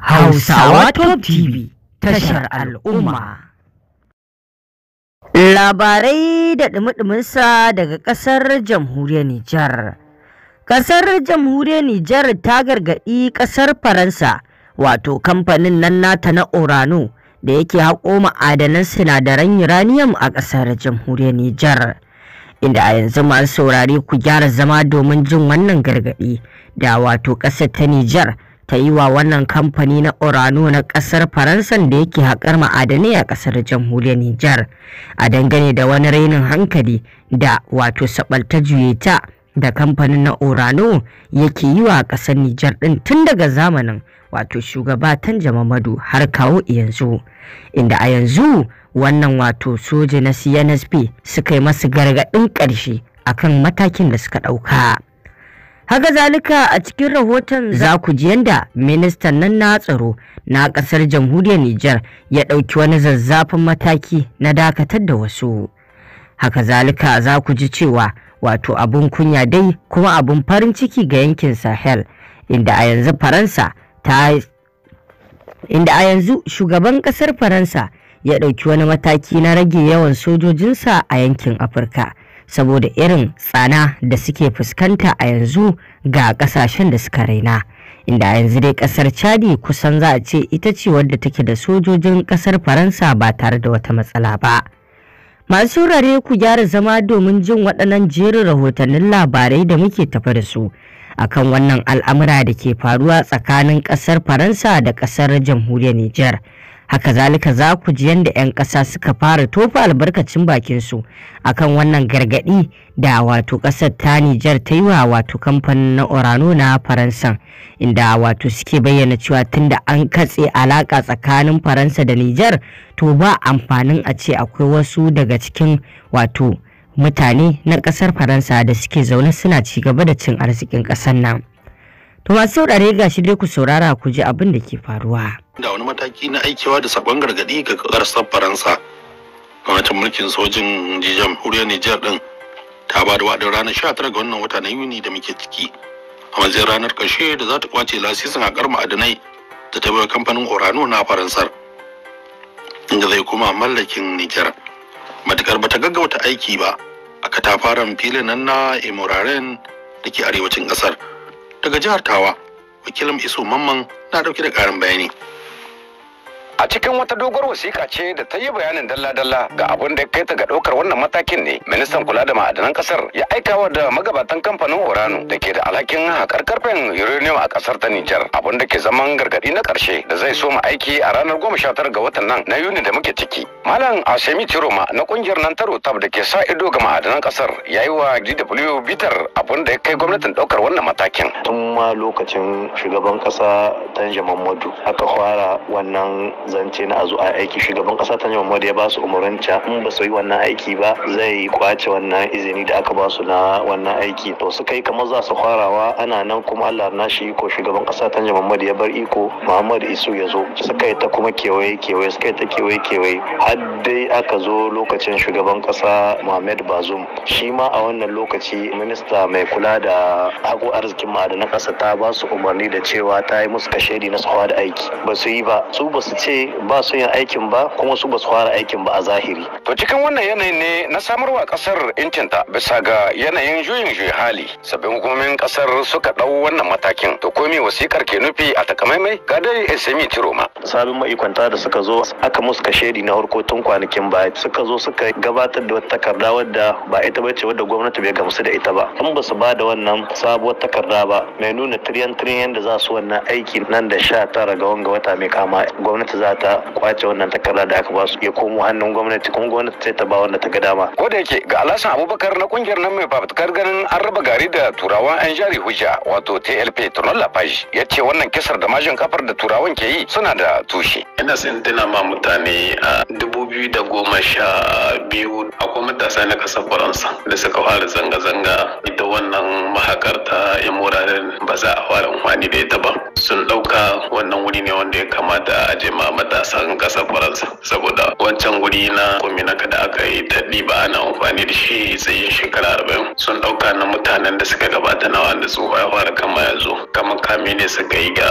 Hausawa Top TV tashar al'umma. Labarai da ɗumi-ɗuminsa daga ƙasar jamhuriyar Nijar. Ƙasar jamhuriyar Nijar ta gargaɗi ƙasar Faransa wato kamfanin nan nata na Orano da yake haƙo ma'adanan sinadaran uranium a ƙasar jamhuriyar Nijar. Inda a yanzu masu saurari ku gyara zama domin jin wannan gargaɗi da wato ƙasar ta Nijar. ta yi wa wannan kamfani na Orano na ƙasar Faransan da yake haƙar ma'adanai a ƙasar jamhuriyar Nijar a dangane da wani rainin hankali da wato sabalta juyeta da kamfanin na Orano yake yi wa ƙasar Nijar ɗin tun daga zamanin wato shugaba tan Mamadu har kawo yanzu inda a yanzu wannan wato soja na CNSP suka yi masu gargaɗin ƙarshe akan matakin da suka ɗauka. Haka zalika a cikin rahoton za ku ji yadda ministan nan na tsaro na kasar jamhuriyar Nijar ya ɗauki wani zazzafin mataki na dakatar da wasu. Haka zalika za ku ji cewa wato abun kunya dai kuma abun farin ciki ga yankin Sahel inda a yanzu Faransa ta inda a yanzu shugaban kasar Faransa ya ɗauki wani mataki na rage yawan sojojinsa a yankin Afirka. saboda irin tsana da suke fuskanta a yanzu ga kasashen da suka raina inda a yanzu dai kasar chadi kusan za a ce ita ce wadda take da sojojin kasar faransa ba tare da wata matsala ba masu rare ku gyara zama domin jin waɗannan jerin rahotannin labarai da muke tafa da su akan wannan al'amura da ke faruwa tsakanin kasar faransa da kasar jamhuriyar Nijar. haka zalika za ku ji yadda 'yan ƙasa suka fara tofa albarkacin bakinsu akan wannan gargaɗi da wato ƙasar ta nijar ta yi wa wato kamfanin na orano na faransa inda wato suke bayyana cewa tunda an katse alaƙa tsakanin faransa da nijar to ba amfanin a ce akwai wasu daga cikin wato mutane na ƙasar faransa da suke zaune suna ci gaba da cin arzikin ƙasar nan To masu saurare ga shi dai ku saurara ku ji abin da ke faruwa. Da wani mataki na aikewa da sabon gargadi ga ƙasar Faransa. Gwamnatin mulkin sojin Jijan Huriyar Nijar din ta ba da wa'adin ranar tara ga wannan wata na Yuni da muke ciki. A matsayin ranar ƙarshe da za ta kwace lasisin haƙar ma'adinai da ta bai kamfanin Orano na Faransar. Inda zai kuma mallakin Nijar. Matukar bata gaggauta aiki ba a katafaren filin nan na Imuraren da ke arewacin ƙasar. daga jihar Tawa wakilin Iso Mamman na dauke da ƙarin bayani a cikin wata doguwar wasiƙa ce da ta yi bayanin dalla-dalla ga abin da ya kai ta ga ɗaukar wannan matakin ne ministan kula da ma'adanan ƙasar ya aikawa da magabatan kamfanin orano da ke da alhakin haƙar karfen uranium a ƙasar ta nijar abin da ke zaman gargaɗi na ƙarshe da zai so ma aiki a ranar goma sha tara ga watan nan na yuni da muke ciki malam asemi tiroma na ƙungiyar nan ta rotab da ke sa ido ga ma'adanan ƙasar ya yi wa dw bitar abin da ya kai gwamnatin ɗaukar wannan matakin. tun ma lokacin shugaban ƙasa tanja mamadu aka fara wannan zance na a zo a aiki shugaban kasa ta yamma da ya ba su umarnin ca in mm. ba su yi wannan aiki ba zai kwace wannan izini da aka ba su na wannan aiki to su kai kamar za su farawa ana nan kuma Allah na shi iko shugaban kasa ta yamma ya bar iko Muhammad Isu ya zo su yi ta kuma kewaye kewaye su yi ta kewaye kewaye har dai aka zo lokacin shugaban kasa Muhammad Bazum. shi ma a wannan lokaci minista mai kula da hako arzikin ma'adanan kasa ta ba su umarni da cewa ta yi musu kashedi na tsawa da aiki ba su yi ba su ba su ce ce ba su yin aikin ba kuma su ba su fara aikin ba a zahiri. To cikin wannan yanayi ne na samarwa kasar incinta bisa ga yanayin juyin juyi hali sabbin hukumomin kasar suka dau wannan matakin to komi wasikar ke nufi a takamaimai ga dai Esemi Tiroma. Sabin ma'ikwanta da suka zo aka musu kashedi na harko tun kwanakin baya suka zo suka gabatar da wata takarda wadda ba ita ba ce wadda gwamnati bai gamsu da ita ba. In ba su ba da wannan sabuwar takarda ba mai nuna tiriyan tiriyan da za su wannan aiki nan da sha tara ga wanga wata mai kama gwamnati za ta kwace wannan takarda da aka ba su ya komo hannun gwamnati kuma gwamnati sai ta ba wanda ta ga dama ko da yake ga alasan abubakar na kungiyar nan mai fafutukar ganin an raba gari da turawan yan jari hujja wato tlp tunon lafaji ya ce wannan kisar da majin kafar da turawan ke yi suna da tushe ina sun tuna ma mutane a dubu biyu da goma sha biyu akwai matasa na ƙasar faransa da suka fara zanga-zanga wannan mahakar ta yan wuraren ba za a fara amfani da ita ba sun ɗauka wannan wuri ne wanda ya kamata a je ma matasan ƙasar faransa saboda wancan wuri na kuminaka da aka yi ta ɗiba ana amfani da shi tsayin shekara arba'in sun ɗauka na mutanen da suka gabata na wanda su fara kama yanzu kamar kame ne suka yi ga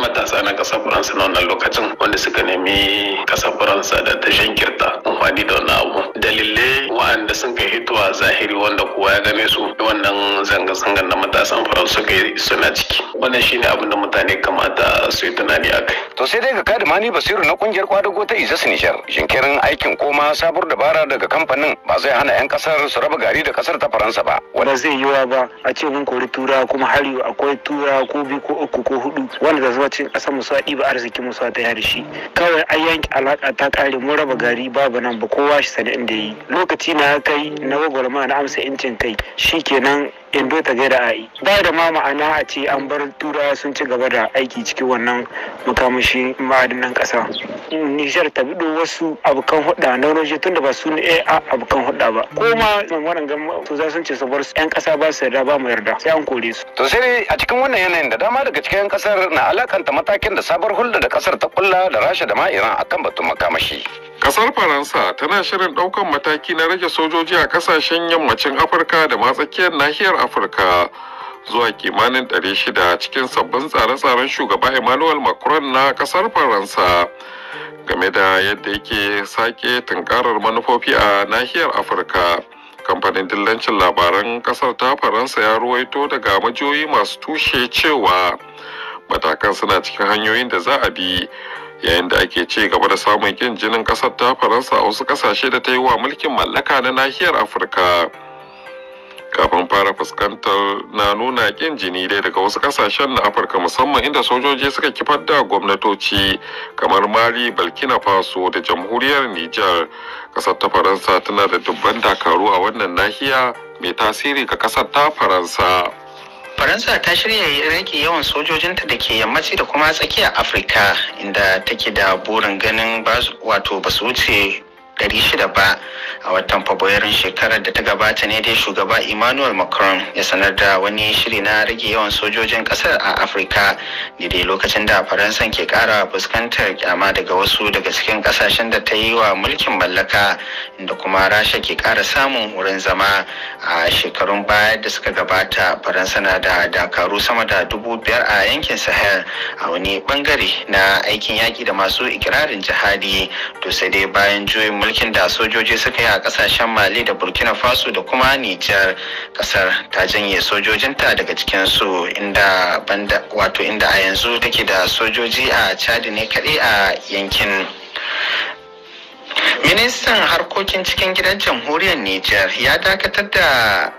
matasa na kasar faransa na wannan lokacin wanda suka nemi kasar faransa da ta shankirta amfani da wani abu dalilai wa'anda sun kai hitowa zahiri wanda kowa ya gane su wannan zanga-zangar na matasan faransa suka yi suna ciki wannan shine abin da mutane kamata su yi tunani a kai to sai dai ga kadimani basiru na kungiyar kwadago ta izas sinishar shinkirin aikin koma sabuwar dabara daga kamfanin ba zai hana 'yan kasar su raba gari da kasar ta faransa ba wanda zai yiwa ba a ce mun kori tura kuma hari akwai tura ko biyu ko uku ko hudu wanda da zuwa cikin kasar mu sa ɗiba arziki mu sa ta shi kawai an yanke alaka ta kare mu raba gari babu nan ba kowa shi sani inda yi lokaci na kai na gwagwarma na amsa incin kai shi shikenan indo ta gaida a yi ba da ma ma'ana a ce an bar turawa sun ci gaba da aiki cikin wannan makamashi ma'adinan ƙasa nijar ta bido wasu abokan hudda na roje tunda ba su ne a abokan hudda ba ko ma gama to za sun ce su bar su 'yan ƙasa ba su yarda ba mu yarda sai an kore su. to sai a cikin wannan yanayin da dama daga cikin 'yan kasar na alakanta matakin da sabar hulɗa da ƙasar ta kulla da rasha da ma iran akan batun makamashi. Kasar Faransa tana shirin ɗaukan mataki na rage sojoji a kasashen yammacin Afirka da ma tsakiyar nahiyar Afirka zuwa kimanin ɗari 600 cikin sabbin tsare-tsaren shugaba Emmanuel Macron na ƙasar Faransa game da yadda yake sake tunkarar manufofi a nahiyar Afirka. Kamfanin dillancin labaran ƙasar ta Faransa ya ruwaito daga majiyoyi masu tushe cewa matakan suna cikin hanyoyin da za a bi yayin da ake ci gaba da samun kin jinin kasar ta faransa a wasu kasashe da ta yi wa mulkin mallaka na nahiyar afirka kafin fara fuskantar na nuna kin jini dai daga wasu kasashen na afirka musamman inda sojoji suka kifar da gwamnatoci kamar mali burkina faso da jamhuriyar nijar kasar ta faransa tana da dubban dakaru a wannan nahiya mai tasiri ga kasar ta faransa faransa ta shirya rage yawan sojojinta da ke yammaci da kuma tsakiyar afirka inda take da burin ganin wato ba su wuce 600 ba a watan fabrairun shekarar da ta gabata ne dai shugaba emmanuel macron ya sanar da wani shiri na rage yawan sojojin kasar a afirka daidai lokacin da faransan ke kara fuskantar kyama daga wasu daga cikin kasashen da ta yi wa mulkin mallaka inda kuma rasha ke kara samun wurin zama a shekarun baya da suka gabata faransa na da dakaru sama da dubu biyar a yankin sahel a wani bangare na aikin yaki da masu ikirarin jihadi to sai dai bayan juyin mulkin da sojoji suka yi a kasashen mali da burkina faso da kuma nijar kasar ta janye sojojinta daga cikinsu inda banda wato inda a yanzu take da sojoji a chad ne kaɗai a yankin Ministan harkokin cikin gidan jamhuriyar Nijar ya dakatar da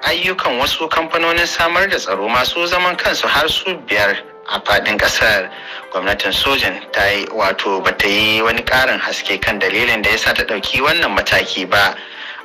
ayyukan wasu kamfanonin samar da tsaro masu zaman kansu har su biyar a fadin kasar gwamnatin sojan ta yi wato bata yi wani karin haske kan dalilin da ya sa ta dauki wannan mataki ba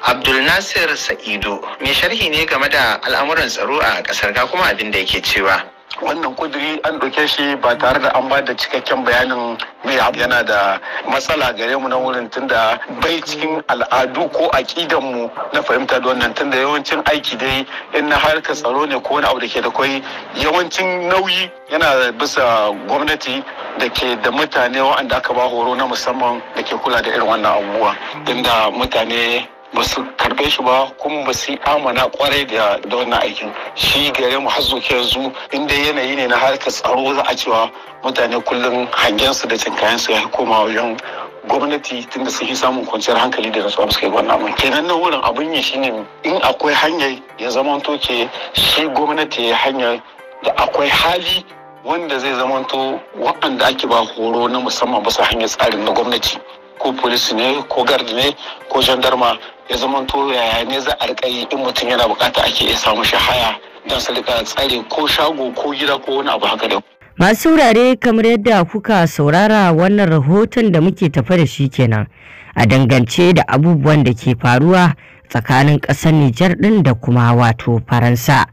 abdul nasir sa'idu mai sharhi ne game da al'amuran tsaro a kasar ga kuma abin da yake cewa wannan kuduri an ɗauke shi ba tare da an ba da cikakken bayanin mai yana da matsala gare mu na wurin tunda bai cikin al'adu ko aƙidan mu na fahimta da wannan tunda yawancin aiki dai in na harkar tsaro ne ko wani abu da ke da kwai yawancin nauyi yana bisa gwamnati da ke da mutane wa'anda aka ba horo na musamman da ke kula da irin wannan abubuwa inda mutane ba su karbe shi ba kuma ba su amana kwarai da da wannan aikin shi gare mu har zuwa yanzu inda yanayi ne na harkar tsaro za a cewa mutane kullum hangen su da cinkayen su ya koma wajen gwamnati tun da suke samun kwanciyar hankali da nasuwa suka yi wannan abin kenan na wurin abun yi shine in akwai hanyar ya zama toke shi gwamnati ya hanyar da akwai hali wanda zai zamanto waɗanda ake ba horo na musamman su hanyar tsarin na gwamnati ko polisi ne ko gardi ne ko jandarma ya zama to yaya ne za a rika yi in mutum yana bukata ake iya samu shi haya don su rika tsare ko shago ko gida ko wani abu haka da masu wurare kamar yadda kuka saurara wannan rahoton da muke tafa da shi kenan a dangance da abubuwan da ke faruwa tsakanin ƙasar Nijar ɗin da kuma wato Faransa.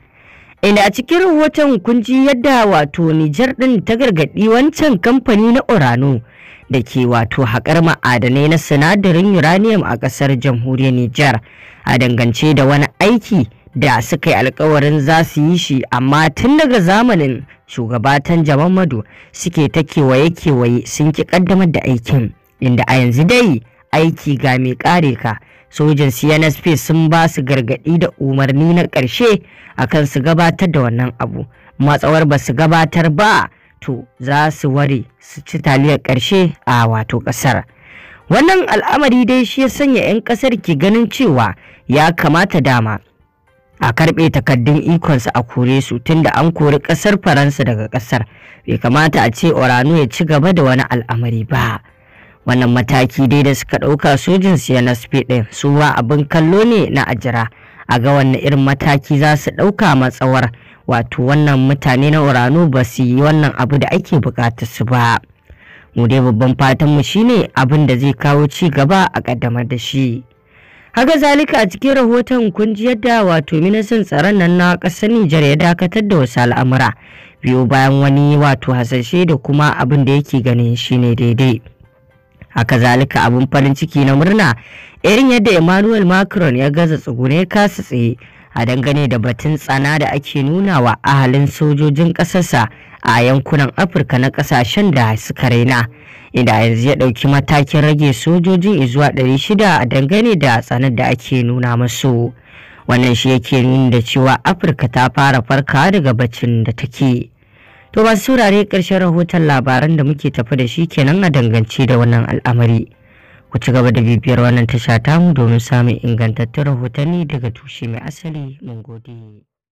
Inda a cikin rahoton kun ji yadda wato Nijar ɗin ta gargaɗi wancan kamfani na Orano da ke wato haƙar ma'adanai na sinadarin uranium a ƙasar jamhuriyar Nijar a dangance da wani aiki da suka yi alkawarin za su yi shi amma tun daga zamanin shugabatan jamamadu suke ta kewaye-kewaye sun ki ƙaddamar da aikin inda a yanzu dai aiki ga mai kare ka sojin cnsp sun ba su gargaɗi da umarni na ƙarshe akan su gabatar da wannan abu matsawar ba su gabatar ba to za su ware su ci taliyar ƙarshe a wato ƙasar. Wannan al'amari dai shi ya sanya 'yan ƙasar ke ganin cewa ya kamata dama a karɓe takaddun ikonsa a kore su tunda an kori ƙasar Faransa daga ƙasar bai kamata a ce Orano ya ci gaba da wani al'amari ba. Wannan mataki dai da suka ɗauka sojin siya na ɗin su abin kallo ne na ajira. a ga wanne irin mataki za su ɗauka matsawar wato wannan mutane na urano ba su yi wannan abu da ake bukata su ba mu dai babban fatanmu shine abin da zai kawo ci gaba a ƙaddamar da shi haka zalika a cikin rahoton kun ji yadda wato ministan tsaron nan na ƙasar Nijar ya dakatar da wasu al'amura biyo bayan wani wato hasashe da kuma abin da yake ganin shine daidai haka zalika abin farin ciki na murna irin yadda emmanuel macron ya gaza tsugune kasa tsaye a dangane da batun tsana da ake nuna wa ahalin sojojin ƙasarsa a yankunan afirka na ƙasashen da suka raina inda yanzu ya ɗauki matakin rage sojojin zuwa 600 a dangane da tsanar da ake nuna masu wannan shi yake nuni da cewa afirka ta fara farka daga bacin da take To ba saurare ƙarshen rahoton labaran da muke tafi da shi kenan a dangance da wannan al'amari. Ku ci gaba da bibiyar wannan tasha tamu domin samun ingantattun rahotanni daga tushe mai asali mun gode.